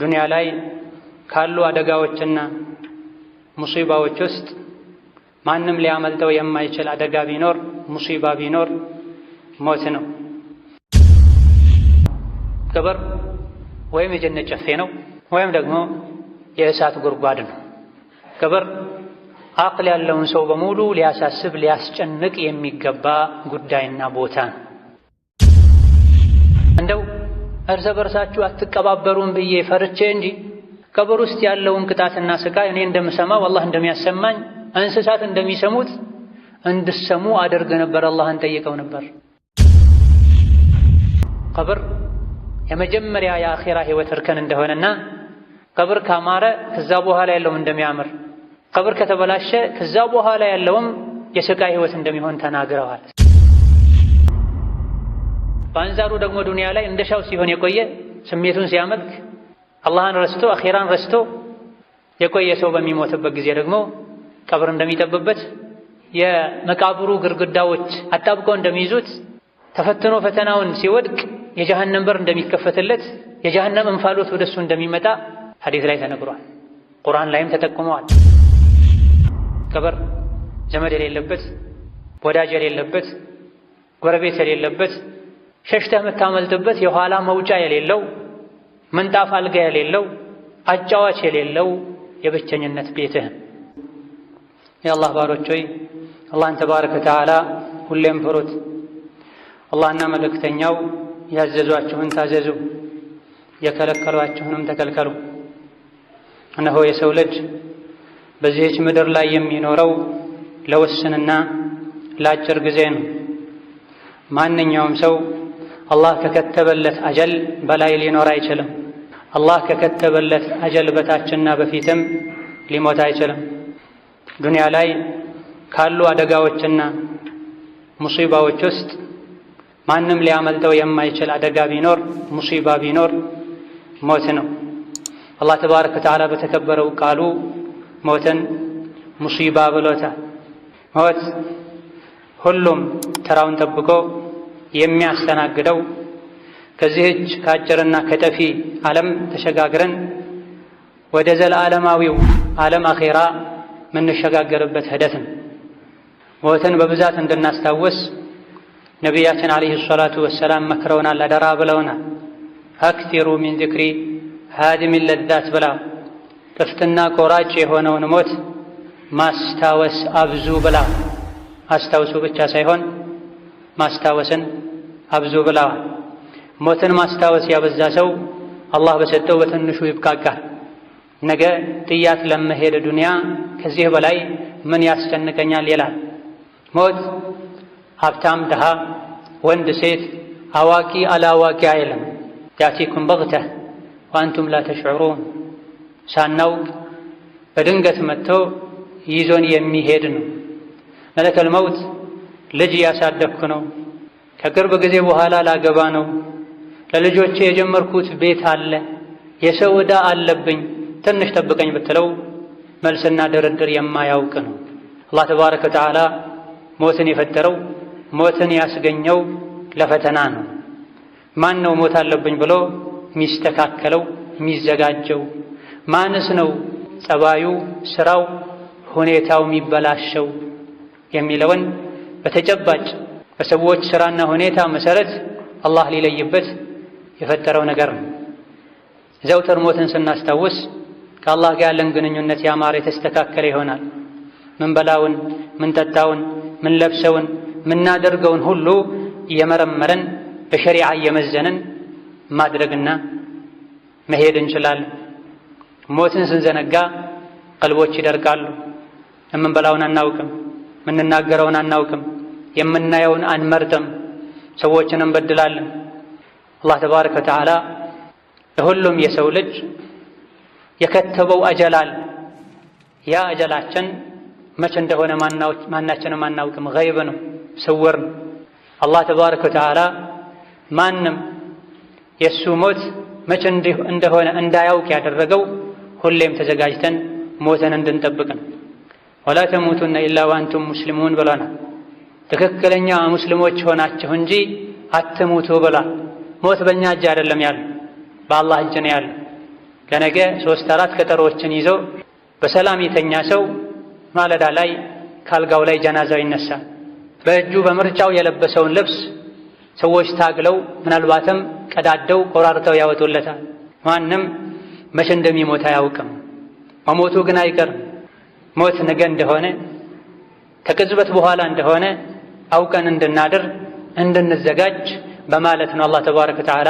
ዱንያ ላይ ካሉ አደጋዎችና ሙሲባዎች ውስጥ ማንም ሊያመልጠው የማይችል አደጋ ቢኖር ሙሲባ ቢኖር ሞት ነው። ቀብር ወይም የጀነት ጨፌ ነው ወይም ደግሞ የእሳት ጉድጓድ ነው። ቀብር አቅል ያለውን ሰው በሙሉ ሊያሳስብ ሊያስጨንቅ የሚገባ ጉዳይና ቦታ ነው። እርስ በርሳችሁ አትቀባበሩም ብዬ ፈርቼ እንጂ ቀብር ውስጥ ያለውን ቅጣትና ስቃይ እኔ እንደምሰማው አላህ እንደሚያሰማኝ እንስሳት እንደሚሰሙት እንድሰሙ አደርግ ነበር፣ አላህን ጠይቀው ነበር። ቀብር የመጀመሪያ የአኼራ ህይወት እርከን እንደሆነና ቀብር ካማረ ከዛ በኋላ ያለውም እንደሚያምር ቀብር ከተበላሸ ከዛ በኋላ ያለውም የስቃይ ህይወት እንደሚሆን ተናግረዋል። በአንጻሩ ደግሞ ዱንያ ላይ እንደሻው ሲሆን የቆየ ስሜቱን ሲያመልክ አላህን ረስቶ አኼራን ረስቶ የቆየ ሰው በሚሞትበት ጊዜ ደግሞ ቀብር እንደሚጠብበት የመቃብሩ ግድግዳዎች አጣብቀው እንደሚይዙት ተፈትኖ ፈተናውን ሲወድቅ የጀሃነም በር እንደሚከፈትለት የጀሃነም እንፋሎት ወደሱ እንደሚመጣ ሐዲስ ላይ ተነግሯል። ቁርአን ላይም ተጠቁመዋል። ቀብር ዘመድ የሌለበት ወዳጅ የሌለበት ጎረቤት የሌለበት ሸሽተህ የምታመልጥበት የኋላ መውጫ የሌለው ምንጣፍ አልጋ የሌለው አጫዋች የሌለው የብቸኝነት ቤትህ። የአላህ ባሮች ሆይ አላህን ተባረከ ወተዓላ ሁሌም ፍሩት። አላህና መልእክተኛው ያዘዟችሁን ታዘዙ፣ የከለከሏችሁንም ተከልከሉ። እነሆ የሰው ልጅ በዚህች ምድር ላይ የሚኖረው ለውስንና ለአጭር ጊዜ ነው። ማንኛውም ሰው አላህ ከከተበለት አጀል በላይ ሊኖር አይችልም። አላህ ከከተበለት አጀል በታችና በፊትም ሊሞት አይችልም። ዱንያ ላይ ካሉ አደጋዎችና ሙሲባዎች ውስጥ ማንም ሊያመልጠው የማይችል አደጋ ቢኖር ሙሲባ ቢኖር ሞት ነው። አላህ ተባረከ ወተዓላ በተከበረው ቃሉ ሞትን ሙሲባ ብሎታል። ሞት ሁሉም ተራውን ጠብቆ የሚያስተናግደው ከዚህች ከአጭርና ከጠፊ ዓለም ተሸጋግረን ወደ ዘለዓለማዊው ዓለም አኼራ የምንሸጋገርበት ሂደት ነው። ሞትን በብዛት እንድናስታውስ ነቢያችን ዓለይሂ ሰላቱ ወሰላም መክረውናል፣ አደራ ብለውናል። አክቲሩ ሚን ዚክሪ ሃድሚ ለዛት ብላ ጥፍትና ቆራጭ የሆነውን ሞት ማስታወስ አብዙ ብላ አስታውሱ ብቻ ሳይሆን ማስታወስን አብዙ ብለዋል። ሞትን ማስታወስ ያበዛ ሰው አላህ በሰጠው በትንሹ ይብቃቃል። ነገ ጥያት ለመሄድ ዱንያ ከዚህ በላይ ምን ያስጨንቀኛል ይላል። ሞት ሀብታም ድሃ፣ ወንድ ሴት፣ አዋቂ አላዋቂ አይልም። ያቲኩም በግተ ወአንቱም ላ ሳናውቅ በድንገት መጥቶ ይዞን የሚሄድ ነው መለከል መውት ልጅ እያሳደግኩ ነው፣ ከቅርብ ጊዜ በኋላ ላገባ ነው፣ ለልጆቼ የጀመርኩት ቤት አለ፣ የሰው ዕዳ አለብኝ፣ ትንሽ ጠብቀኝ ብትለው መልስና ድርድር የማያውቅ ነው። አላህ ተባረከ ወተዓላ ሞትን የፈጠረው ሞትን ያስገኘው ለፈተና ነው። ማን ነው ሞት አለብኝ ብሎ የሚስተካከለው የሚዘጋጀው? ማንስ ነው ጸባዩ፣ ስራው፣ ሁኔታው የሚበላሸው የሚለውን በተጨባጭ በሰዎች ስራና ሁኔታ መሰረት አላህ ሊለይበት የፈጠረው ነገር ነው። ዘውትር ሞትን ስናስታውስ ከአላህ ጋር ያለን ግንኙነት ያማረ የተስተካከለ ይሆናል። ምንበላውን፣ ምንጠጣውን፣ ምንለብሰውን፣ ምናደርገውን ሁሉ እየመረመረን በሸሪዓ እየመዘነን ማድረግና መሄድ እንችላለን። ሞትን ስንዘነጋ ቀልቦች ይደርቃሉ። የምንበላውን አናውቅም። የምንናገረውን አናውቅም፣ የምናየውን አንመርጥም፣ ሰዎችን እንበድላለን። አላህ ተባረከ ወተዓላ ለሁሉም የሰው ልጅ የከተበው አጀላል ያ አጀላችን መቼ እንደሆነ ማናችንም አናውቅም። ገይብ ነው፣ ስውር ነው። አላህ ተባረከ ወተዓላ ማንም የእሱ ሞት መቼ እንደሆነ እንዳያውቅ ያደረገው ሁሌም ተዘጋጅተን ሞተን እንድንጠብቅ ነው። ወላ ተሙቱና ኢላ ወአንቱም ሙስሊሙን ብለናል። ትክክለኛ ሙስሊሞች ሆናችሁ እንጂ አትሙቱ ብሏል። ሞት በእኛ እጅ አይደለም ያለ በአላህ እጅ ነው ያለ። ለነገ ሶስት አራት ቀጠሮዎችን ይዞ በሰላም የተኛ ሰው ማለዳ ላይ ካልጋው ላይ ጀናዛው ይነሳል። በእጁ በምርጫው የለበሰውን ልብስ ሰዎች ታግለው ምናልባትም ቀዳደው ቆራርተው ያወጡለታል። ማንም መቼ እንደሚሞት አያውቅም። መሞቱ ግን አይቀርም። ሞት ነገ እንደሆነ ከቅጽበት በኋላ እንደሆነ አውቀን እንድናድር እንድንዘጋጅ በማለት ነው አላህ ተባረከ ወተዓላ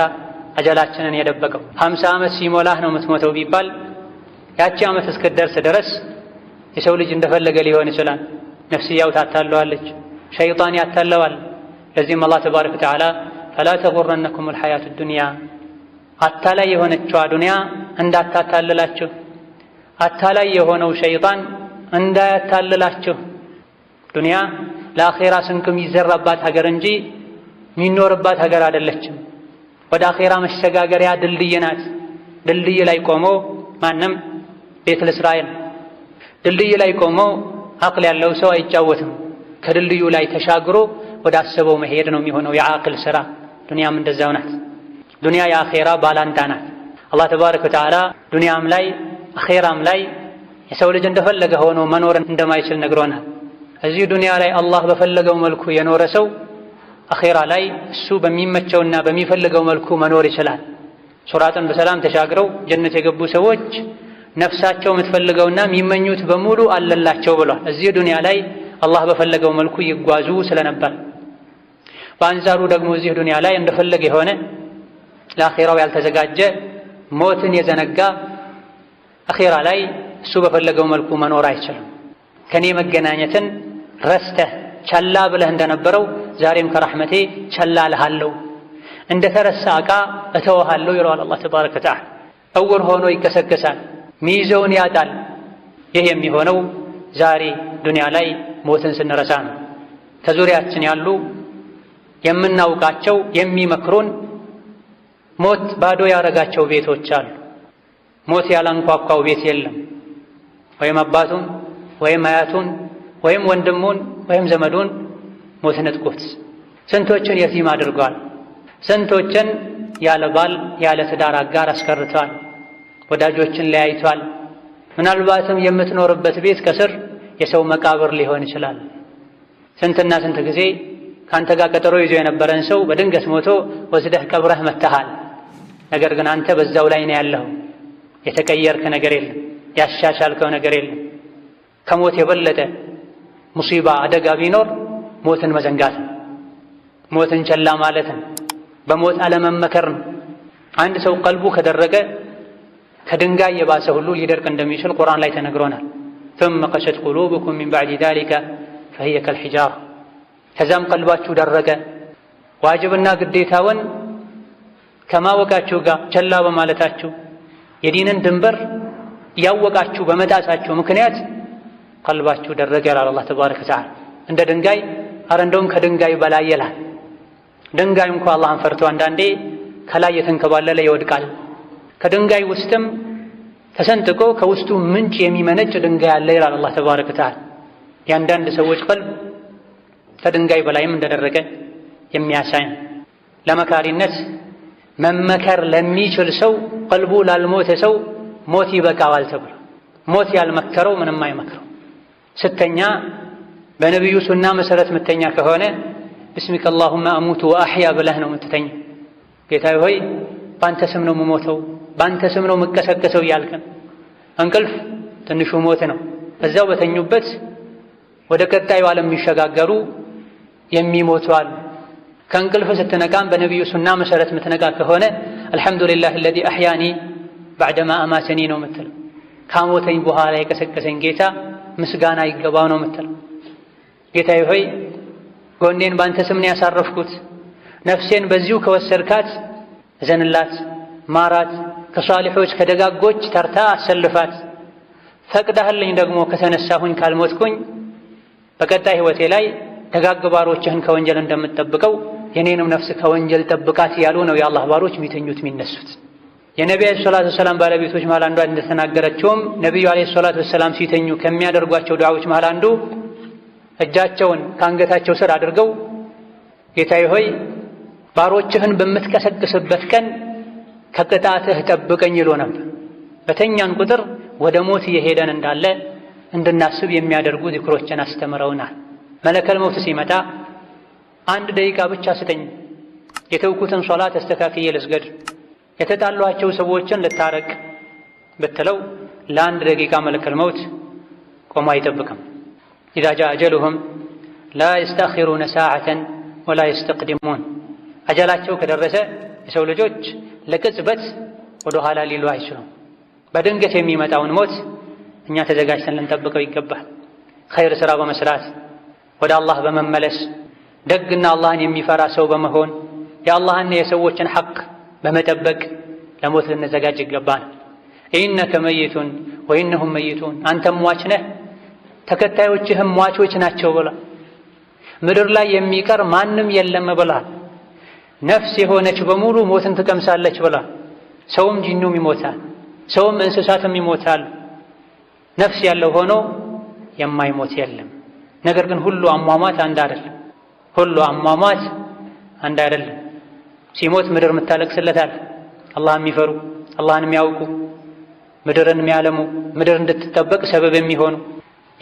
አጀላችንን የደበቀው። ሀምሳ ዓመት ሲሞላህ ነው የምትሞተው ቢባል ያቺ ዓመት እስክትደርስ ድረስ የሰው ልጅ እንደፈለገ ሊሆን ይችላል። ነፍስያው ታታለዋለች፣ ሸይጣን ያታለዋል። ለዚህም አላህ ተባረከ ወተዓላ ፈላ ተጉረነኩም አልሐያቱ ዱንያ አታላይ የሆነችዋ ዱንያ እንዳታታልላችሁ አታላይ የሆነው ሸይጣን እንዳያታልላችሁ ዱንያ ለአኼራ ስንቅ የሚዘራባት ሀገር እንጂ የሚኖርባት ሀገር አይደለችም። ወደ አኼራ መሸጋገሪያ ድልድይ ናት። ድልድይ ላይ ቆሞ ማንም ቤት ልስራኤል ድልድይ ላይ ቆሞ አቅል ያለው ሰው አይጫወትም። ከድልድዩ ላይ ተሻግሮ ወደ አሰበው መሄድ ነው የሚሆነው የአቅል ስራ። ዱንያም እንደዛው ናት። ዱንያ የአኼራ ባላንጣ ናት። አላህ ተባረከ ወተዓላ ዱንያም ላይ አኼራም ላይ የሰው ልጅ እንደፈለገ ሆኖ መኖር እንደማይችል ነግሮናል። እዚህ ዱንያ ላይ አላህ በፈለገው መልኩ የኖረ ሰው አኼራ ላይ እሱ በሚመቸውና በሚፈልገው መልኩ መኖር ይችላል። ሱራጥን በሰላም ተሻግረው ጀነት የገቡ ሰዎች ነፍሳቸው የምትፈልገውና የሚመኙት በሙሉ አለላቸው ብሏል። እዚህ ዱንያ ላይ አላህ በፈለገው መልኩ ይጓዙ ስለነበር፣ በአንጻሩ ደግሞ እዚህ ዱንያ ላይ እንደፈለገ የሆነ ለአኼራው ያልተዘጋጀ ሞትን የዘነጋ አኼራ ላይ እሱ በፈለገው መልኩ መኖር አይችልም። ከኔ መገናኘትን ረስተህ ቸላ ብለህ እንደነበረው ዛሬም ከራህመቴ ቸላ እልሃለሁ፣ እንደ ተረሳ ዕቃ እተወሃለሁ ይለዋል አላህ ተባረከ ወተዓላ። እውር ሆኖ ይከሰከሳል፣ ሚይዘውን ያጣል። ይህ የሚሆነው ዛሬ ዱንያ ላይ ሞትን ስንረሳ ነው። ከዙሪያችን ያሉ የምናውቃቸው የሚመክሩን ሞት ባዶ ያረጋቸው ቤቶች አሉ። ሞት ያላንኳኳው ቤት የለም። ወይም አባቱን ወይም አያቱን ወይም ወንድሙን ወይም ዘመዱን ሞት ነጥቆት ስንቶችን የቲም አድርጓል። ስንቶችን ያለ ባል ያለ ትዳር አጋር አስቀርቷል። ወዳጆችን ለያይቷል። ምናልባትም የምትኖርበት ቤት ከስር የሰው መቃብር ሊሆን ይችላል። ስንትና ስንት ጊዜ ከአንተ ጋር ቀጠሮ ይዞ የነበረን ሰው በድንገት ሞቶ ወስደህ ቀብረህ መተሃል። ነገር ግን አንተ በዛው ላይ ነው ያለው። የተቀየርክ ነገር የለም። ያሻሻልከው ነገር የለም። ከሞት የበለጠ ሙሲባ አደጋ ቢኖር ሞትን መዘንጋት ሞትን ቸላ ማለት በሞት አለመመከር ነው። አንድ ሰው ቀልቡ ከደረቀ ከድንጋይ የባሰ ሁሉ ሊደርቅ እንደሚችል ቁርአን ላይ ተነግሮናል። ثم قست قلوبكم من بعد ذلك فهي كالحجارة ከዛም ቀልባችሁ ደረቀ። ዋጅብና ግዴታውን ከማወቃችሁ ጋር ቸላ በማለታችሁ የዲንን ድንበር እያወቃችሁ በመጣሳችሁ ምክንያት ቀልባችሁ ደረቀ ይላል አላህ ተባረከ ወተዓላ። እንደ ድንጋይ አረ እንደውም ከድንጋይ በላይ ይላል። ድንጋይ እንኳ አላህን ፈርቶ አንዳንዴ ከላይ የተንከባለለ ይወድቃል። ከድንጋይ ውስጥም ተሰንጥቆ ከውስጡ ምንጭ የሚመነጭ ድንጋይ አለ ይላል አላህ ተባረከ ወተዓላ። የአንዳንድ ሰዎች ቀልብ ከድንጋይ በላይም እንደደረቀ የሚያሳይ ለመካሪነት መመከር ለሚችል ሰው ቀልቡ ላልሞተ ሰው ሞት ይበቃዋል ተብሎ ሞት ያልመከረው ምንም አይመክረው። ስተኛ በነቢዩ ሱና መሰረት ምተኛ ከሆነ ብስሚከ አላሁመ አሙቱ ወአሕያ ብለህ ነው ምትተኛ። ጌታዬ ሆይ በአንተ ስም ነው ምሞተው፣ በአንተ ስም ነው ምቀሰቀሰው እያልከን። እንቅልፍ ትንሹ ሞት ነው። እዛው በተኙበት ወደ ቀጣዩ ዓለም የሚሸጋገሩ የሚሞቱ አሉ። ከእንቅልፍ ስትነቃም በነቢዩ ሱና መሰረት ምትነቃ ከሆነ አልሐምዱሊላህ አለዚ አሕያኒ ባዕደማ አማተኒ ነው የምትለው። ካሞተኝ በኋላ የቀሰቀሰኝ ጌታ ምስጋና ይገባው ነው የምትለው። ጌታዬ ሆይ ጎኔን ባንተ ስም ያሳረፍኩት፣ ነፍሴን በዚሁ ከወሰድካት እዘንላት፣ ማራት፣ ከሷሊሖች ከደጋጎች ተርታ አሰልፋት። ፈቅዳህልኝ ደግሞ ከተነሳሁኝ ካልሞትኩኝ በቀጣይ ሕይወቴ ላይ ደጋግ ባሮችህን ከወንጀል እንደምትጠብቀው የእኔንም ነፍስ ከወንጀል ጠብቃት እያሉ ነው የአላህ ባሮች የሚተኙት የሚነሱት። የነቢዩ ዓለይሂ ሰላቱ ወሰላም ባለቤቶች መሃል አንዷ እንደተናገረችውም ነቢዩ ዓለይሂ ሰላቱ ወሰላም ሲተኙ ከሚያደርጓቸው ዱዓዎች መሃል አንዱ እጃቸውን ከአንገታቸው ስር አድርገው ጌታዬ ሆይ ባሮችህን በምትቀሰቅስበት ቀን ከቅጣትህ ጠብቀኝ ይሎ ነበር። በተኛን ቁጥር ወደ ሞት እየሄደን እንዳለ እንድናስብ የሚያደርጉ ዚክሮችን አስተምረውናል። መለከል መውት ሲመጣ አንድ ደቂቃ ብቻ ስጠኝ፣ የተውኩትን ሶላት አስተካክዬ ልስገድ የተጣሏቸው ሰዎችን ልታረቅ ብትለው ለአንድ ደቂቃ መልከል መውት ቆሞ አይጠብቅም። ኢዛ ጃ አጀሉሁም ላ የስተአኺሩነ ሰዓተን ወላ የስተቅድሙን አጀላቸው ከደረሰ የሰው ልጆች ለቅጽበት ወደ ኋላ ሊሉ አይችሉም። በድንገት የሚመጣውን ሞት እኛ ተዘጋጅተን ልንጠብቀው ይገባል። ኸይር ሥራ በመስራት ወደ አላህ በመመለስ ደግና አላህን የሚፈራ ሰው በመሆን የአላህና የሰዎችን ሐቅ በመጠበቅ ለሞት ልንዘጋጅ ይገባል። ኢነከ መይቱን ወኢነሁም መይቱን፣ አንተም ሟች ነህ ተከታዮችህም ሟቾች ናቸው ብሏል። ምድር ላይ የሚቀር ማንም የለም ብሏል። ነፍስ የሆነች በሙሉ ሞትን ትቀምሳለች ብሏል። ሰውም ጂኑም ይሞታል፣ ሰውም እንስሳትም ይሞታል። ነፍስ ያለው ሆኖ የማይሞት የለም። ነገር ግን ሁሉ አሟሟት አንድ አይደለም። ሁሉ አሟሟት አንድ አይደለም። ሲሞት ምድር የምታለቅስለታል። አላህ የሚፈሩ አላህን የሚያውቁ ምድርን የሚያለሙ ምድር እንድትጠበቅ ሰበብ የሚሆኑ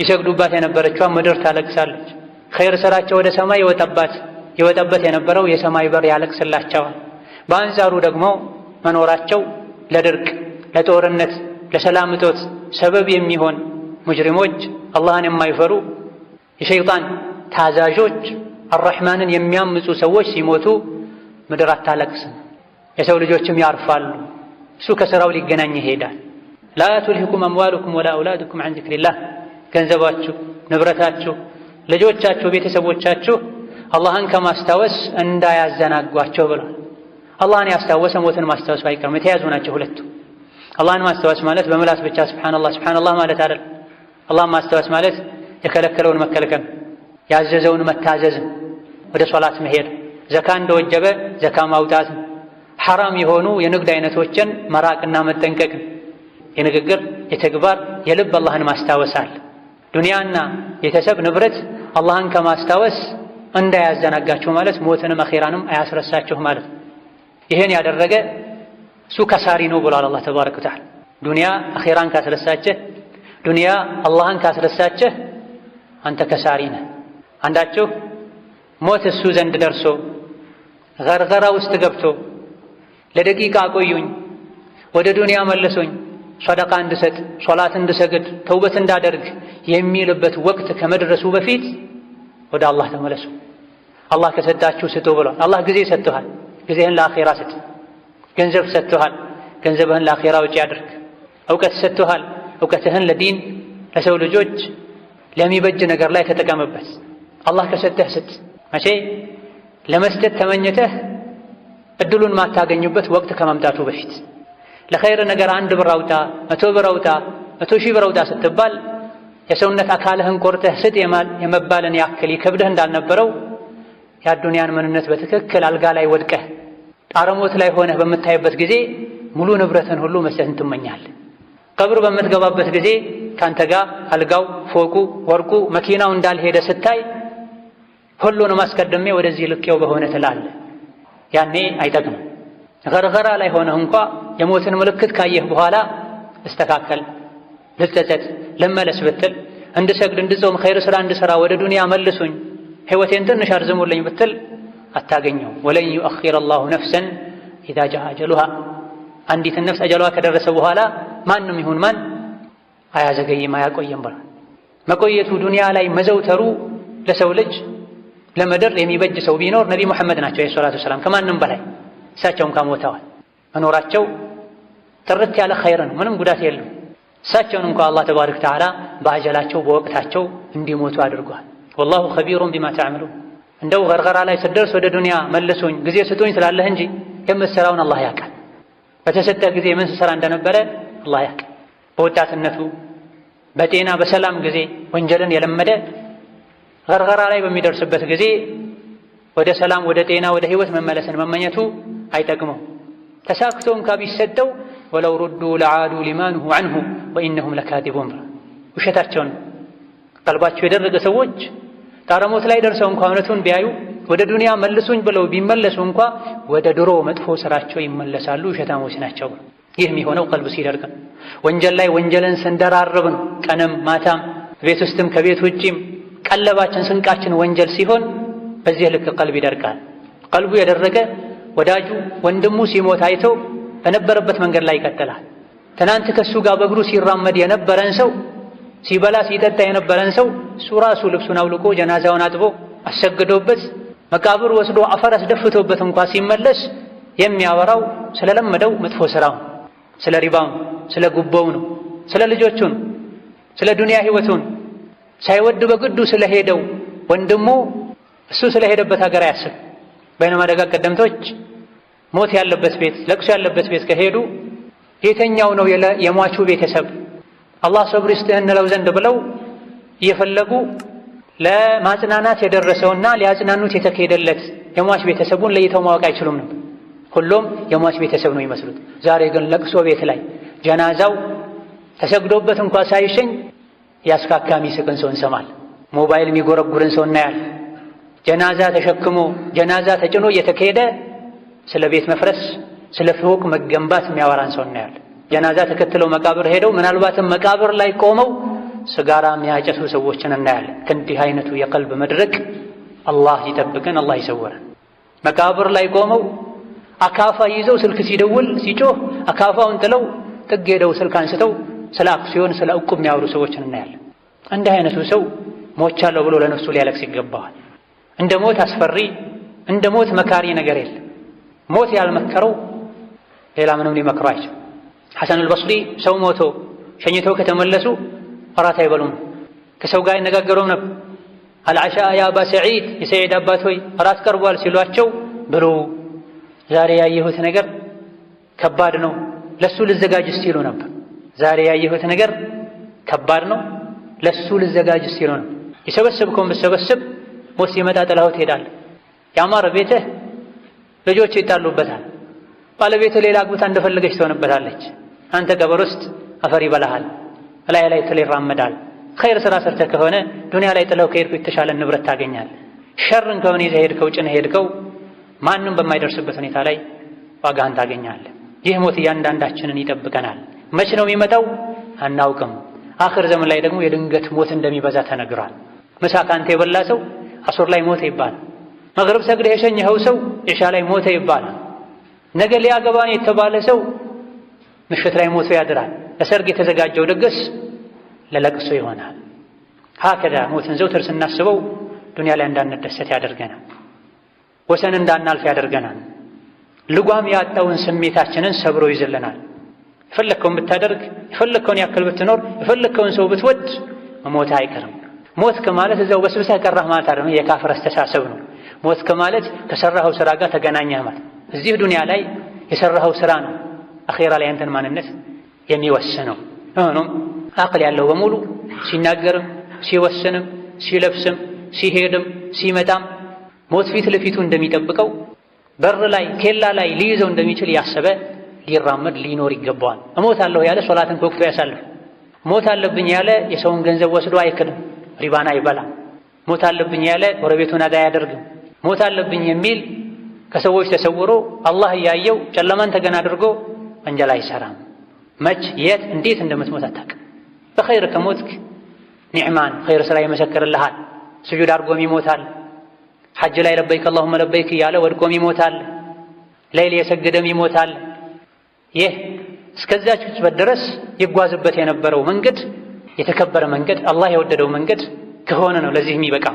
ይሰግዱባት የነበረችዋ ምድር ታለቅሳለች። ኸይር ስራቸው ወደ ሰማይ ይወጣባት ይወጣበት የነበረው የሰማይ በር ያለቅስላቸዋል። በአንጻሩ ደግሞ መኖራቸው ለድርቅ፣ ለጦርነት፣ ለሰላም እጦት ሰበብ የሚሆን ሙጅሪሞች፣ አላህን የማይፈሩ የሸይጣን ታዛዦች፣ አራሕማንን የሚያምፁ ሰዎች ሲሞቱ ምድር አታለቅስም፣ የሰው ልጆችም ያርፋሉ። እሱ ከሥራው ሊገናኝ ይሄዳል። ላ ቱልሂኩም አምዋሉኩም ወላ አውላድኩም አን ዚክሪላህ ገንዘባችሁ፣ ንብረታችሁ፣ ልጆቻችሁ፣ ቤተሰቦቻችሁ አላህን ከማስታወስ እንዳያዘናጓቸው ብሏል። አላህን ያስታወሰ ሞትን ማስታወስ ባይቀርም የተያዙ ናቸው ሁለቱ። አላህን ማስታወስ ማለት በምላስ ብቻ ስብሓነላህ ስብሓነላህ ማለት አይደል። አላህን ማስታወስ ማለት የከለከለውን መከልከል፣ ያዘዘውን መታዘዝ፣ ወደ ሶላት መሄድ ዘካ እንደወጀበ ዘካ ማውጣት፣ ሐራም የሆኑ የንግድ አይነቶችን መራቅና መጠንቀቅ፣ የንግግር የተግባር የልብ አላህን ማስታወሳል። ዱንያና ቤተሰብ ንብረት አላህን ከማስታወስ እንዳያዘናጋችሁ ማለት ሞትንም አኼራንም አያስረሳችሁ ማለት ይህን ያደረገ እሱ ከሳሪ ነው ብሏል አላህ ተባረከ ወተዓላ። ዱንያ አኼራን ካስረሳችህ፣ ዱንያ አላህን ካስረሳችህ አንተ ከሳሪ ነህ። አንዳችሁ ሞት እሱ ዘንድ ደርሶ ገርገራ ውስጥ ገብቶ ለደቂቃ አቆዩኝ፣ ወደ ዱንያ መለሱኝ፣ ሶደቃ እንድሰጥ፣ ሶላት እንድሰግድ፣ ተውበት እንዳደርግ የሚልበት ወቅት ከመድረሱ በፊት ወደ አላህ ተመለሱ። አላህ ከሰጣችሁ ስጡ ብሏል። አላህ ጊዜ ሰጥቶሃል፣ ጊዜህን ለአኼራ ስጥ። ገንዘብ ሰጥቶሃል፣ ገንዘብህን ለአኼራ ውጪ አድርግ። እውቀት ሰጥቶሃል፣ እውቀትህን ለዲን ለሰው ልጆች ለሚበጅ ነገር ላይ ተጠቀምበት። አላህ ከሰጠህ ስጥ። መቼ ለመስጀድ ተመኝተህ እድሉን ማታገኙበት ወቅት ከመምጣቱ በፊት ለኸይር ነገር አንድ ብር አውጣ፣ መቶ ብር አውጣ፣ መቶ ሺህ ብር አውጣ ስትባል የሰውነት አካልህን ቆርጠህ ስጥ የመባልን ያክል ይከብድህ እንዳልነበረው የአዱንያን ምንነት በትክክል አልጋ ላይ ወድቀህ ጣረሞት ላይ ሆነህ በምታይበት ጊዜ ሙሉ ንብረትን ሁሉ መስጠትን ትመኛለህ። ቀብር በምትገባበት ጊዜ ካንተ ጋር አልጋው፣ ፎቁ፣ ወርቁ፣ መኪናው እንዳልሄደ ስታይ ሁሉንም አስቀድሜ ወደዚህ ልኬው በሆነ ትላለ ያኔ አይጠቅምም። ገርገራ ላይ ሆነህ እንኳ የሞትን ምልክት ካየህ በኋላ እስተካከል፣ ልጸጸት፣ ልመለስ ብትል እንድሰግድ፣ እንድጾም፣ ኸይር ሥራ እንድሠራ ወደ ዱንያ መልሱኝ፣ ሕይወቴን ትንሽ አርዝሙልኝ ብትል አታገኘው። ወለን ዩአኺረ አላሁ ነፍሰን ኢዛ ጃአ አጀሉሃ አንዲትን ነፍስ አጀሏ ከደረሰ በኋላ ማንም ይሁን ማን አያዘገይም፣ አያቆየም ብሏል። መቆየቱ ዱንያ ላይ መዘውተሩ ለሰው ልጅ ለመድር የሚበጅ ሰው ቢኖር ነቢ መሐመድ ናቸው አለይሂ ሰላቱ ከማንም በላይ እሳቸውም ከሞተዋል መኖራቸው ጥርት ያለ ኸይር ነው ምንም ጉዳት የለም እሳቸውን እንኳ አላህ ተባረክ ተዓላ በአጀላቸው በወቅታቸው እንዲሞቱ አድርጓል ወላሁ ኸቢሩን ቢማ ተዕመሉ እንደው ገርገራ ላይ ስደርስ ወደ ዱንያ መልሱኝ ጊዜ ስጡኝ ስላለህ እንጂ የምትሰራውን አላህ ያውቃል በተሰጠ ጊዜ ምን ስሰራ እንደነበረ አላህ ያውቃል በወጣትነቱ በጤና በሰላም ጊዜ ወንጀልን የለመደ ገርገራ ላይ በሚደርስበት ጊዜ ወደ ሰላም፣ ወደ ጤና፣ ወደ ህይወት መመለስን መመኘቱ አይጠቅመው። ተሳክቶም ከቢሰደው ወለው ሩዱ ለዓዱ ሊማንሁ አንሁ ወኢነሁም ለካዲቡን ውሸታቸውን ቀልባቸው የደረገ ሰዎች ጣረሞት ላይ ደርሰው እንኳ እውነቱን ቢያዩ ወደ ዱንያ መልሱኝ ብለው ቢመለሱ እንኳ ወደ ድሮ መጥፎ ስራቸው ይመለሳሉ። ውሸታሞች ናቸው። ይህ የሚሆነው ቀልብ ሲደርግ፣ ወንጀል ላይ ወንጀልን ስንደራረብን ቀንም ማታም፣ ቤት ውስጥም ከቤት ውጪም ቀለባችን ስንቃችን ወንጀል ሲሆን በዚህ ልክ ቀልብ ይደርቃል። ቀልቡ የደረቀ ወዳጁ ወንድሙ ሲሞት አይቶ በነበረበት መንገድ ላይ ይቀጥላል። ትናንት ከሱ ጋር በእግሩ ሲራመድ የነበረን ሰው ሲበላ ሲጠጣ የነበረን ሰው እሱ ራሱ ልብሱን አውልቆ ጀናዛውን አጥቦ አሰግዶበት መቃብር ወስዶ አፈር አስደፍቶበት እንኳ ሲመለስ የሚያወራው ስለለመደው መጥፎ ስራው፣ ስለ ሪባው፣ ስለ ጉቦው ነው፣ ስለ ልጆቹ ነው፣ ስለ ዱንያ ህይወቱ ነው። ሳይወድ በግዱ ስለሄደው ወንድሙ እሱ ስለሄደበት ሀገር አያስብ። በይነ ደጋግ ቀደምቶች ሞት ያለበት ቤት፣ ለቅሶ ያለበት ቤት ከሄዱ የተኛው ነው የሟቹ ቤተሰብ አላህ ሰብር ይስጥህ እንለው ዘንድ ብለው እየፈለጉ ለማጽናናት የደረሰውና ሊያጽናኑት የተካሄደለት የሟች ቤተሰቡን ለይተው ማወቅ አይችሉም ነበር። ሁሉም የሟች ቤተሰብ ነው ይመስሉት። ዛሬ ግን ለቅሶ ቤት ላይ ጀናዛው ተሰግዶበት እንኳ ሳይሸኝ ያስካካ የሚስቅን ሰው እንሰማል። ሞባይል የሚጎረጉርን ሰው እናያል። ጀናዛ ተሸክሞ ጀናዛ ተጭኖ እየተካሄደ ስለ ቤት መፍረስ፣ ስለ ፎቅ መገንባት የሚያወራን ሰው እናያል። ጀናዛ ተከትለው መቃብር ሄደው ምናልባትም መቃብር ላይ ቆመው ስጋራ የሚያጨሱ ሰዎችን እናያለን። ከእንዲህ አይነቱ የቀልብ መድረቅ አላህ ይጠብቀን፣ አላህ ይሰወረን። መቃብር ላይ ቆመው አካፋ ይዘው ስልክ ሲደውል ሲጮህ አካፋውን ጥለው ጥግ ሄደው ስልክ አንስተው ስለ አክሲዮን ስለ እቁብ የሚያወሩ ሰዎችን እናያለን። እንዲህ አይነቱ ሰው ሞቻለሁ ብሎ ለነፍሱ ሊያለቅስ ይገባዋል። እንደ ሞት አስፈሪ እንደ ሞት መካሪ ነገር የለም። ሞት ያልመከረው ሌላ ምንም ሊመክረው አይችል። ሐሰን አልበስሪ ሰው ሞቶ ሸኝተው ከተመለሱ እራት አይበሉም፣ ከሰው ጋር አይነጋገሩም ነበር። አልዓሻ የአባ ሰዒድ የሰዒድ አባት ሆይ እራት ቀርቧል ሲሏቸው ብሉ፣ ዛሬ ያየሁት ነገር ከባድ ነው፣ ለሱ ልዘጋጅ ሲሉ ነበር። ዛሬ ያየሁት ነገር ከባድ ነው፣ ለሱ ልዘጋጅ ሲሉ ነው። የሰበሰብከውን ብሰበስብ ሞት ሲመጣ ጥላሁት ትሄዳለህ። ያማረ ቤትህ ልጆች ይጣሉበታል። ባለቤትህ ሌላ አግብታ እንደፈለገች ትሆንበታለች። አንተ ቀብር ውስጥ አፈር ይበላሃል፣ እላይ ላይ ትል ይራመዳል። ኸይር ሥራ ሰርተህ ከሆነ ዱንያ ላይ ጥለው ከሄድኩ የተሻለ ንብረት ታገኛል። ሸርን ከሆነ ይዘህ ሄድከው ጭነህ ሄድከው ማንም በማይደርስበት ሁኔታ ላይ ዋጋህን ታገኛለህ። ይህ ሞት እያንዳንዳችንን ይጠብቀናል። መች ነው የሚመጣው አናውቅም። አኽር ዘመን ላይ ደግሞ የድንገት ሞት እንደሚበዛ ተነግሯል። ምሳ ካንተ የበላ ሰው አሶር ላይ ሞተ ይባል መግሪብ ሰግደህ የሸኘኸው ሰው ኢሻ ላይ ሞተ ይባል። ነገ ሊያገባን የተባለ ሰው ምሽት ላይ ሞቶ ያድራል። ለሰርግ የተዘጋጀው ድግስ ለለቅሶ ይሆናል። ሀከዳ ሞትን ዘውትር ስናስበው ዱንያ ላይ እንዳንደሰት ያደርገናል። ወሰን እንዳናልፍ ያደርገናል። ልጓም ያጣውን ስሜታችንን ሰብሮ ይዝልናል። የፈለግከውን ብታደርግ፣ የፈለግከውን ያክል ብትኖር፣ የፈለግከውን ሰው ብትወድ ሞት አይቀርም። ሞት ከማለት እዚያው በስብሰህ ቀራህ ማለት አይደለም። የካፍር አስተሳሰብ ነው። ሞት ከማለት ከሰራኸው ስራ ጋር ተገናኘህ ማለት እዚህ ዱንያ ላይ የሰራኸው ስራ ነው አኼራ ላይ አንተን ማንነት የሚወስነው። ሆኖም አቅል ያለው በሙሉ ሲናገርም፣ ሲወስንም፣ ሲለብስም፣ ሲሄድም፣ ሲመጣም ሞት ፊት ለፊቱ እንደሚጠብቀው በር ላይ ኬላ ላይ ሊይዘው እንደሚችል ያሰበ ሊራመድ ሊኖር ይገባዋል። አለሁ ያለ ሶላትን ከወቅቱ ያሳልፍ። ሞት አለብኝ ያለ የሰውን ገንዘብ ወስዶ አይክድም፣ ሪባና አይበላም። ሞት አለብኝ ያለ ጎረቤቱን አዳ አያደርግም። ሞት አለብኝ የሚል ከሰዎች ተሰውሮ አላህ እያየው ጨለማን ተገና አድርጎ ወንጀል አይሰራም። መች የት እንዴት እንደምትሞት አታውቅም። በኸይር ከሞትክ ኒዕማን ኸይር ስራ ይመሰክርልሃል። ስጁድ አድርጎም ይሞታል። ሐጅ ላይ ለበይክ አላሁመ ለበይክ እያለ ወድቆም ይሞታል። ሌይል የሰገደም ይሞታል። ይህ እስከዚያች ድረስ ይጓዝበት የነበረው መንገድ የተከበረ መንገድ፣ አላህ የወደደው መንገድ ከሆነ ነው ለዚህ የሚበቃ።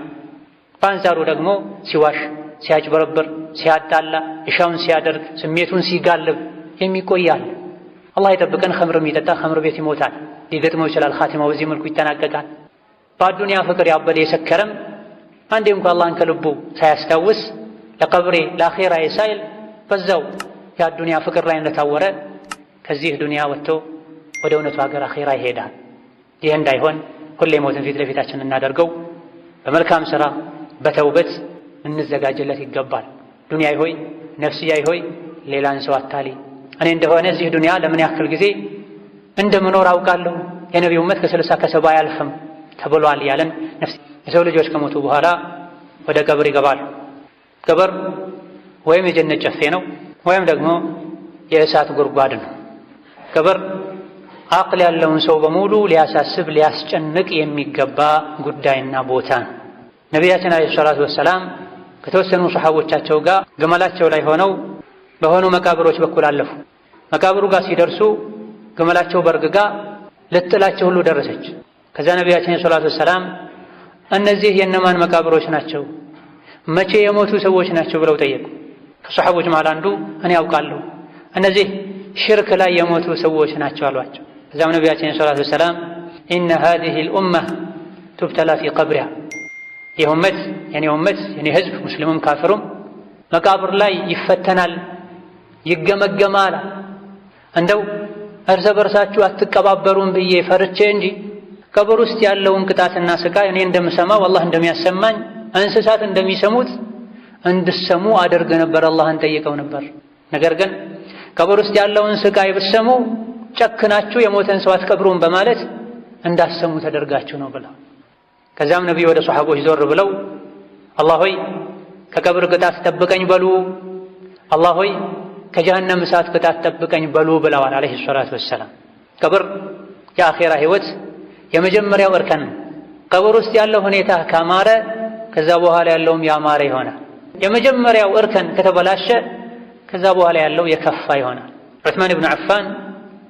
በአንጻሩ ደግሞ ሲዋሽ፣ ሲያጭበረብር፣ ሲያጣላ፣ እሻውን ሲያደርግ፣ ስሜቱን ሲጋልብ የሚቆያል። አላህ የጠብቀን። ኸምር የሚጠጣ ኸምር ቤት ይሞታል፣ ሊገጥመው ይችላል። ኻቲማው በዚህ መልኩ ይጠናቀቃል። በአዱንያ ፍቅር ያበደ የሰከረም አንዴ እንኳ አላህን ከልቡ ሳያስታውስ ለቀብሬ ለአኼራ የሳይል በዛው የአዱንያ ፍቅር ላይ እንደታወረ ከዚህ ዱንያ ወጥቶ ወደ እውነቱ ሀገር አኼራ ይሄዳል። ይህ እንዳይሆን ሁሌ ሞትን ፊት ለፊታችን እናደርገው፣ በመልካም ስራ በተውበት እንዘጋጅለት ይገባል። ዱንያይ ሆይ ነፍስያይ ሆይ ሌላን ሰው አታሊ እኔ እንደሆነ እዚህ ዱንያ ለምን ያክል ጊዜ እንደምኖር አውቃለሁ። የነቢ ውመት ከስልሳ ከሰባ አያልፍም ተብሏል ያለን የሰው ልጆች ከሞቱ በኋላ ወደ ቀብር ይገባል። ቀብር ወይም የጀነት ጨፌ ነው ወይም ደግሞ የእሳት ጉድጓድ ነው። ክብር አቅል ያለውን ሰው በሙሉ ሊያሳስብ ሊያስጨንቅ የሚገባ ጉዳይና ቦታ ነው። ነቢያችን አለይሂ ሰላቱ ወሰላም ከተወሰኑ ሰሓቦቻቸው ጋር ግመላቸው ላይ ሆነው በሆኑ መቃብሮች በኩል አለፉ። መቃብሩ ጋር ሲደርሱ ግመላቸው በርግጋ ልጥላቸው ሁሉ ደረሰች። ከዛ ነቢያችን ሰላቱ ወሰላም እነዚህ የእነማን መቃብሮች ናቸው? መቼ የሞቱ ሰዎች ናቸው? ብለው ጠየቁ። ከሰሐቦች መሃል አንዱ እኔ ያውቃለሁ እነዚህ ሽርክ ላይ የሞቱ ሰዎች ናቸው አሏቸው። እዛም ነቢያችን ሰላቱ ወሰላም ኢነ ሃዚህ ልኡማ ቱብተላ ፊ ቀብሪያ ይህ የኔ ኡመት የኔ ህዝብ ሙስሊሙም ካፍሩም መቃብር ላይ ይፈተናል፣ ይገመገማል። እንደው እርስ በርሳችሁ አትቀባበሩም ብዬ ፈርቼ እንጂ ቀብር ውስጥ ያለውን ቅጣትና ስቃይ እኔ እንደምሰማው አላህ እንደሚያሰማኝ እንስሳት እንደሚሰሙት እንድሰሙ አደርግ ነበር፣ አላህን ጠይቀው ነበር። ነገር ግን ቀብር ውስጥ ያለውን ስቃይ ብሰሙ ጨክናችሁ የሞተን ሰው አትቀብሩም በማለት እንዳሰሙ ተደርጋችሁ ነው ብለው ከዚያም ነቢዩ ወደ ሰሓቦች ዞር ብለው አላህ ሆይ ከቀብር ቅጣት ጠብቀኝ በሉ፣ አላህ ሆይ ከጀሃነም እሳት ቅጣት ጠብቀኝ በሉ ብለዋል አለይሂ ሰላቱ ወሰላም። ቀብር የአኼራ ህይወት የመጀመሪያው እርከን። ነው። ቀብር ውስጥ ያለው ሁኔታ ካማረ ከዛ በኋላ ያለውም ያማረ ይሆናል። የመጀመሪያው እርከን ከተበላሸ ከዛ በኋላ ያለው የከፋ ይሆናል። ዑስማን ብኑ ዓፋን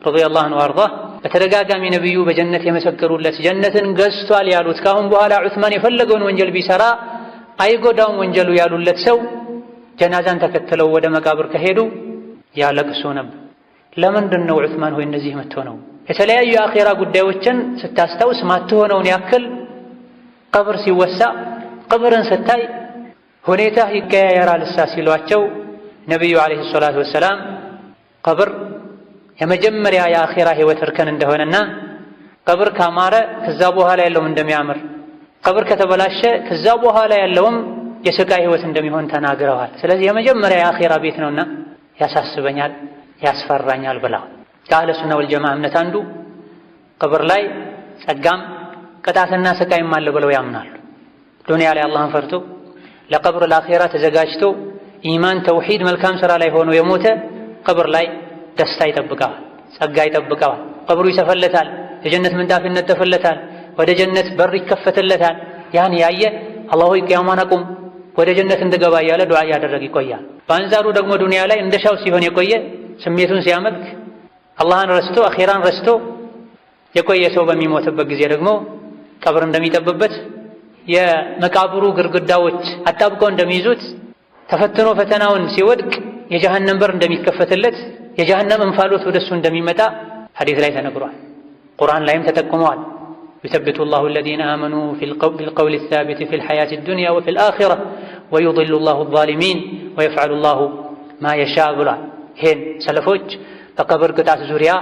ረዲየላሁ ዐንሁ ወአርዳህ በተደጋጋሚ ነቢዩ በጀነት የመሰከሩለት ጀነትን ገዝቷል ያሉት ከአሁን በኋላ ዑስማን የፈለገውን ወንጀል ቢሰራ አይጎዳውም ወንጀሉ ያሉለት ሰው ጀናዛን ተከትለው ወደ መቃብር ከሄዱ ያለቅሱ ነበር። ለምንድን ነው ዑስማን ሆይ እነዚህ መጥቶ የተለያዩ የአኼራ ጉዳዮችን ስታስታውስ ማትሆነውን ያክል ቀብር ሲወሳ ቀብርን ስታይ ሁኔታ ይቀያየራል እሳ ሲሏቸው ነቢዩ ዓለይሂ ሰላቱ ወሰላም ቀብር የመጀመሪያ የአኼራ ህይወት እርከን እንደሆነና ቀብር ካማረ ከዛ በኋላ ያለውም እንደሚያምር ቀብር ከተበላሸ ከዛ በኋላ ያለውም የስቃይ ህይወት እንደሚሆን ተናግረዋል። ስለዚህ የመጀመሪያ የአኼራ ቤት ነውና ያሳስበኛል፣ ያስፈራኛል ብለዋል። ከአህለ ሱና ወልጀማ እምነት አንዱ ቅብር ላይ ጸጋም ቅጣትና ስቃይም አለ ብለው ያምናሉ። ዱንያ ላይ አላህን ፈርቶ ለቀብር ለአኼራ ተዘጋጅቶ ኢማን፣ ተውሂድ፣ መልካም ሥራ ላይ ሆኖ የሞተ ቀብር ላይ ደስታ ይጠብቀዋል፣ ጸጋ ይጠብቀዋል። ቀብሩ ይሰፈለታል፣ የጀነት ምንጣፍ ይነጠፍለታል፣ ወደ ጀነት በር ይከፈትለታል። ያን ያየ አላሁ ሆይ ቅያማን አቁም ወደ ጀነት እንድገባ እያለ ዱዓ እያደረገ ይቆያል። በአንጻሩ ደግሞ ዱንያ ላይ እንደሻው ሲሆን የቆየ ስሜቱን ሲያመልክ አላህን ረስቶ አኼራን ረስቶ የቆየ ሰው በሚሞትበት ጊዜ ደግሞ ቀብር እንደሚጠብበት የመቃብሩ ግድግዳዎች አጣብቀው እንደሚይዙት ተፈትኖ ፈተናውን ሲወድቅ የጀሃነም በር እንደሚከፈትለት የጀሃነም እንፋሎት ወደሱ እንደሚመጣ ሐዲስ ላይ ተነግሯል። ቁርአን ላይም ተጠቁመዋል። ዩሰብቱ ላሁ አለዚነ አመኑ ቢልቀውል ሳቢት ፊ ልሐያት ዱንያ ወፊ ልአኺራ ወዩድሉ ላሁ ዛሊሚን ወየፍዓሉ ላሁ ማ የሻ ብሏል። ይሄን ሰለፎች በቀብር ቅጣት ዙሪያ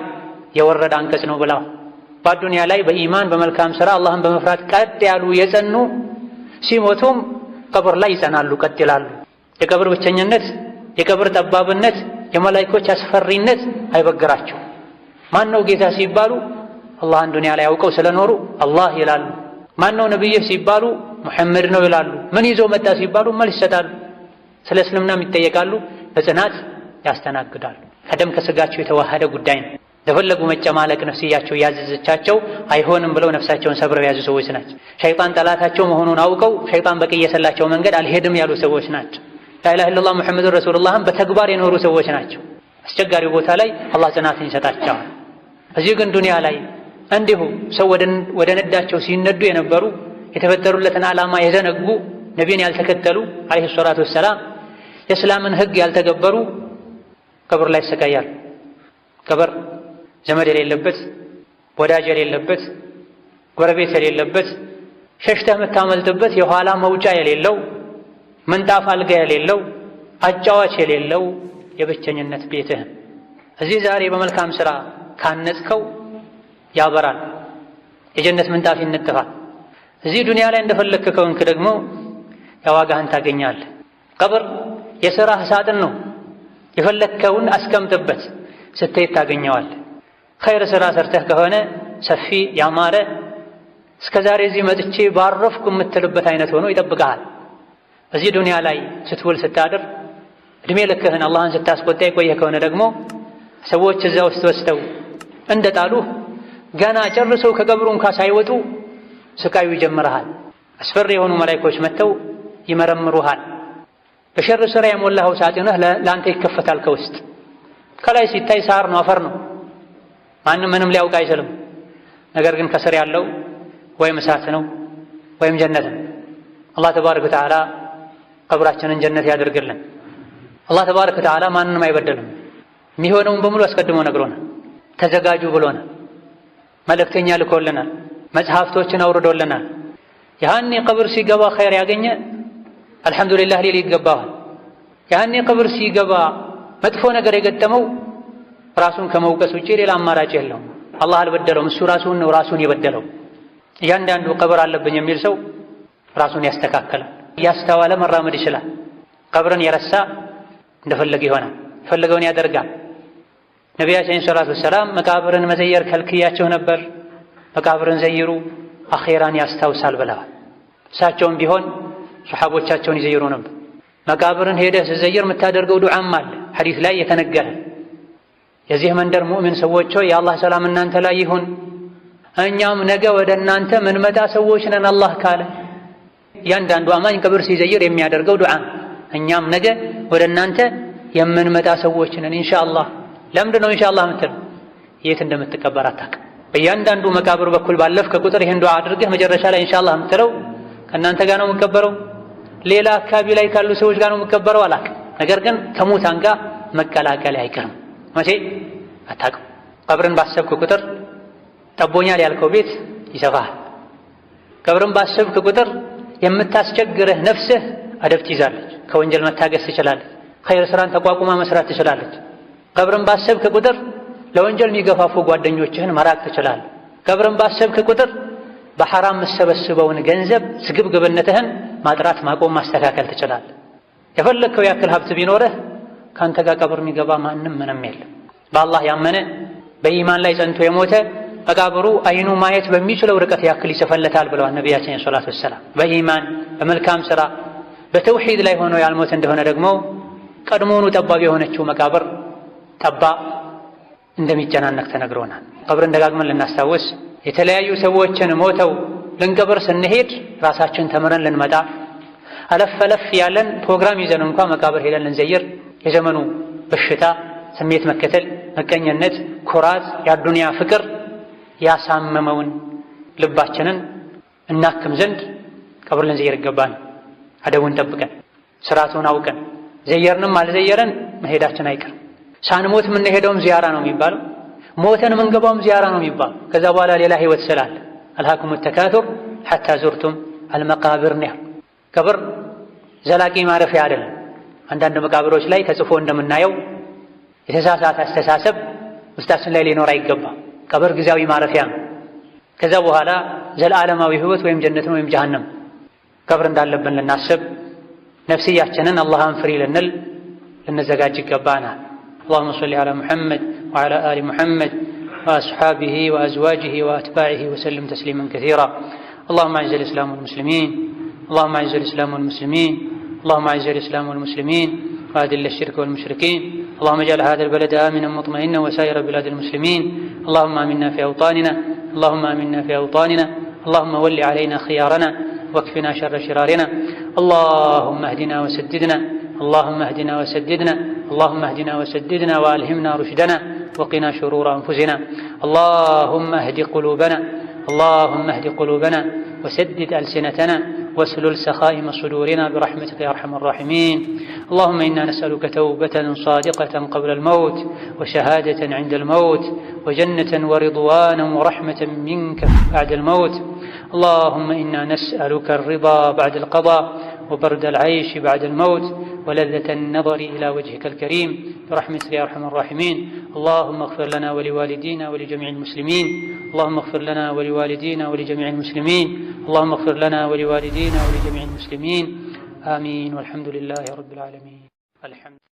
የወረደ አንቀጽ ነው ብለዋል። በአዱንያ ላይ በኢማን በመልካም ስራ አላህን በመፍራት ቀጥ ያሉ የጸኑ ሲሞቱም ቀብር ላይ ይጸናሉ፣ ቀጥ ይላሉ። የቀብር ብቸኝነት፣ የቀብር ጠባብነት፣ የመላይኮች አስፈሪነት አይበግራቸው። ማን ነው ጌታ ሲባሉ አላህን ዱንያ ላይ አውቀው ስለኖሩ አላህ ይላሉ። ማን ነው ነብይ ሲባሉ ሙሐመድ ነው ይላሉ። ምን ይዞ መጣ ሲባሉ መልስ ይሰጣሉ። ስለ እስልምናም ይጠየቃሉ። በጽናት ያስተናግዳሉ። ከደም ከስጋቸው የተዋሃደ ጉዳይ ነው። ለፈለጉ መጨማለቅ ነፍስያቸው እያዘዘቻቸው አይሆንም ብለው ነፍሳቸውን ሰብረው የያዙ ሰዎች ናቸው። ሸይጣን ጠላታቸው መሆኑን አውቀው ሸይጣን በቀየሰላቸው መንገድ አልሄድም ያሉ ሰዎች ናቸው። ላኢላሃ ኢለላህ ሙሐመዱን ረሱሉላህም በተግባር የኖሩ ሰዎች ናቸው። አስቸጋሪ ቦታ ላይ አላህ ጽናትን ይሰጣቸዋል። እዚህ ግን ዱንያ ላይ እንዲሁ ሰው ወደ ነዳቸው ሲነዱ የነበሩ የተፈጠሩለትን ዓላማ የዘነጉ ነቢን ያልተከተሉ አለይሂ ሰላቱ ወሰላም የእስላምን ህግ ያልተገበሩ ቀብር ላይ ይሰቃያል። ቀብር ዘመድ የሌለበት ወዳጅ የሌለበት ጎረቤት የሌለበት ሸሽተህ የምታመልጥበት የኋላ መውጫ የሌለው ምንጣፍ አልጋ የሌለው አጫዋች የሌለው የብቸኝነት ቤትህ እዚህ ዛሬ በመልካም ሥራ ካነጽከው ያበራል፣ የጀነት ምንጣፍ ይነጥፋል። እዚህ ዱንያ ላይ እንደፈለክ ከሆንክ ደግሞ የዋጋህን ታገኛለህ። ቀብር የሥራህ ሳጥን ነው። የፈለግከውን አስቀምጥበት፣ ስትሄድ ታገኘዋል። ኸይር ሥራ ሰርተህ ከሆነ ሰፊ ያማረ እስከ ዛሬ እዚህ መጥቼ ባረፍኩ የምትልበት አይነት ሆኖ ይጠብቀሃል። እዚህ ዱንያ ላይ ስትውል ስታድር እድሜ ልክህን አላህን ስታስቆጣ የቆየህ ከሆነ ደግሞ ሰዎች እዛ ውስጥ ወስተው እንደ ጣሉህ ገና ጨርሰው ከቀብሩ እንኳ ሳይወጡ ስቃዩ ይጀምረሃል። አስፈሪ የሆኑ መላይኮች መጥተው ይመረምሩሃል። በሸር ሥራ የሞላኸው ሳጥንህ ለአንተ ይከፈታል። ከውስጥ ከላይ ሲታይ ሳር ነው፣ አፈር ነው። ማንም ምንም ሊያውቅ አይችልም። ነገር ግን ከስር ያለው ወይም እሳት ነው ወይም ጀነት ነው። አላህ ተባረከ ወተዓላ ቀብራችንን ጀነት ያደርግልን። አላህ ተባረከ ወተዓላ ማንንም አይበደልም። የሚሆነውን በሙሉ አስቀድሞ ነግሮናል። ተዘጋጁ ብሎናል። መልእክተኛ ልኮልናል። መጽሐፍቶችን አውርዶልናል። ያህኒ ቀብር ሲገባ ኸይር ያገኘ አልሐምዱሊላህ ሊል ይገባዋል። ያህኒ ቀብር ሲገባ መጥፎ ነገር የገጠመው ራሱን ከመውቀስ ውጪ ሌላ አማራጭ የለውም። አላህ አልበደለውም፣ እሱ ራሱን ነው ራሱን የበደለው። እያንዳንዱ ቀብር አለብኝ የሚል ሰው ራሱን ያስተካከላል። እያስተዋለ መራመድ ይችላል። ቀብርን የረሳ እንደፈለገ ይሆናል፣ የፈለገውን ያደርጋል። ነቢያችን ሰላቱ ወሰላም መቃብርን መዘየር ከልክያቸው ነበር። መቃብርን ዘይሩ አኼራን ያስታውሳል ብለዋል። እሳቸውም ቢሆን ሰሓቦቻቸውን ይዘይሩ ነበር። መቃብርን ሄደህ ስዘይር የምታደርገው ዱዓም አለ ሐዲስ ላይ የተነገረ የዚህ መንደር ሙእሚን ሰዎች ሆይ የአላህ ሰላም እናንተ ላይ ይሁን፣ እኛም ነገ ወደ እናንተ ምንመጣ ሰዎች ነን አላህ ካለ። እያንዳንዱ አማኝ ቅብር ሲዘይር የሚያደርገው ዱዓ፣ እኛም ነገ ወደ እናንተ የምንመጣ ሰዎች ነን ኢንሻአላህ። ለምንድን ነው ኢንሻአላህ የምትል? የት እንደምትቀበር አታውቅም። በእያንዳንዱ መቃብር በኩል ባለፍ ቁጥር ይህን ዱዓ አድርገህ መጨረሻ ላይ ኢንሻአላህ የምትለው ከእናንተ ጋር ነው የምቀበረው፣ ሌላ አካባቢ ላይ ካሉ ሰዎች ጋር ነው የምቀበረው አላክ። ነገር ግን ከሙታን ጋር መቀላቀል አይቀርም። መቼ አታውቅም። ቀብርን ባሰብክ ቁጥር ጠቦኛል ያልከው ቤት ይሰፋሃል። ቀብርን ባሰብክ ቁጥር የምታስቸግርህ ነፍስህ አደብ ትይዛለች፣ ከወንጀል መታገስ ትችላለች፣ ኸይር ስራን ተቋቁማ መስራት ትችላለች። ቀብርን ባሰብክ ቁጥር ለወንጀል የሚገፋፉ ጓደኞችህን መራቅ ትችላለህ። ቀብርን ባሰብክ ቁጥር በሐራም የምሰበስበውን ገንዘብ ስግብግብነትህን ማጥራት፣ ማቆም፣ ማስተካከል ትችላለህ። የፈለግከው ያክል ሀብት ቢኖርህ ከአንተ ጋር ቀብር የሚገባ ማንም ምንም የለም። በአላህ ያመነ በኢማን ላይ ጸንቶ የሞተ መቃብሩ አይኑ ማየት በሚችለው ርቀት ያክል ይሰፈለታል ብለዋል ነቢያችን ሰላቱ ወሰላም። በኢማን በመልካም ሥራ በተውሒድ ላይ ሆኖ ያልሞት እንደሆነ ደግሞ ቀድሞውኑ ጠባብ የሆነችው መቃብር ጠባ እንደሚጨናነቅ ተነግሮናል። ቀብርን ደጋግመን ልናስታውስ የተለያዩ ሰዎችን ሞተው ልንቀብር ስንሄድ ራሳችን ተምረን ልንመጣ አለፍ አለፍ ያለን ፕሮግራም ይዘን እንኳ መቃብር ሄደን ልንዘይር የዘመኑ በሽታ ስሜት መከተል፣ መቀኘነት፣ ኩራት፣ የአዱንያ ፍቅር ያሳመመውን ልባችንን እናክም ዘንድ ቀብር ልንዘየር ይገባል። አደቡን ጠብቀን ስርዓቱን አውቀን ዘየርንም አልዘየረን መሄዳችን አይቀር። ሳንሞት የምንሄደውም ዚያራ ነው የሚባለው፣ ሞተን የምንገባውም ዚያራ ነው የሚባለው። ከዛ በኋላ ሌላ ህይወት ስላለ አልሃኩም ተካቱር ሐታ ዙርቱም አልመቃብር ነው። ቀብር ዘላቂ ማረፊያ አይደለም። አንዳንድ መቃብሮች ላይ ተጽፎ እንደምናየው የተሳሳተ አስተሳሰብ ውስጣችን ላይ ሊኖር አይገባም። ቀብር ጊዜያዊ ማረፊያ ነው። ከዛ በኋላ ዘለዓለማዊ ህይወት ወይም ጀነት ነው ወይም ጀሃነም ቀብር እንዳለብን ልናስብ፣ ነፍስያችንን አላህን ፍሪ ልንል ልንዘጋጅ ይገባናል። አላሁመ ሰሊ ዓላ ሙሐመድ ወዓላ አሊ ሙሐመድ وأصحابه وأزواجه وأتباعه وسلم تسليما كثيرا اللهم أعز الإسلام والمسلمين اللهم أعز الإسلام والمسلمين اللهم اعز الاسلام والمسلمين واذل الشرك والمشركين اللهم اجعل هذا البلد امنا مطمئنا وسائر بلاد المسلمين اللهم امنا في اوطاننا اللهم امنا في اوطاننا اللهم ول علينا خيارنا واكفنا شر شرارنا اللهم اهدنا وسددنا اللهم اهدنا وسددنا اللهم اهدنا وسددنا والهمنا رشدنا وقنا شرور انفسنا اللهم اهد قلوبنا اللهم اهد قلوبنا وسدد السنتنا واسلل سخائم صدورنا برحمتك يا أرحم الراحمين اللهم إنا نسألك توبة صادقة قبل الموت وشهادة عند الموت وجنة ورضوانا ورحمة منك بعد الموت اللهم إنا نسألك الرضا بعد القضاء وبرد العيش بعد الموت ولذة النظر إلى وجهك الكريم برحمتك يا أرحم الراحمين اللهم اغفر لنا ولوالدينا ولجميع المسلمين اللهم اغفر لنا ولوالدينا ولجميع المسلمين اللهم اغفر لنا ولوالدينا ولجميع المسلمين آمين والحمد لله رب العالمين الحمد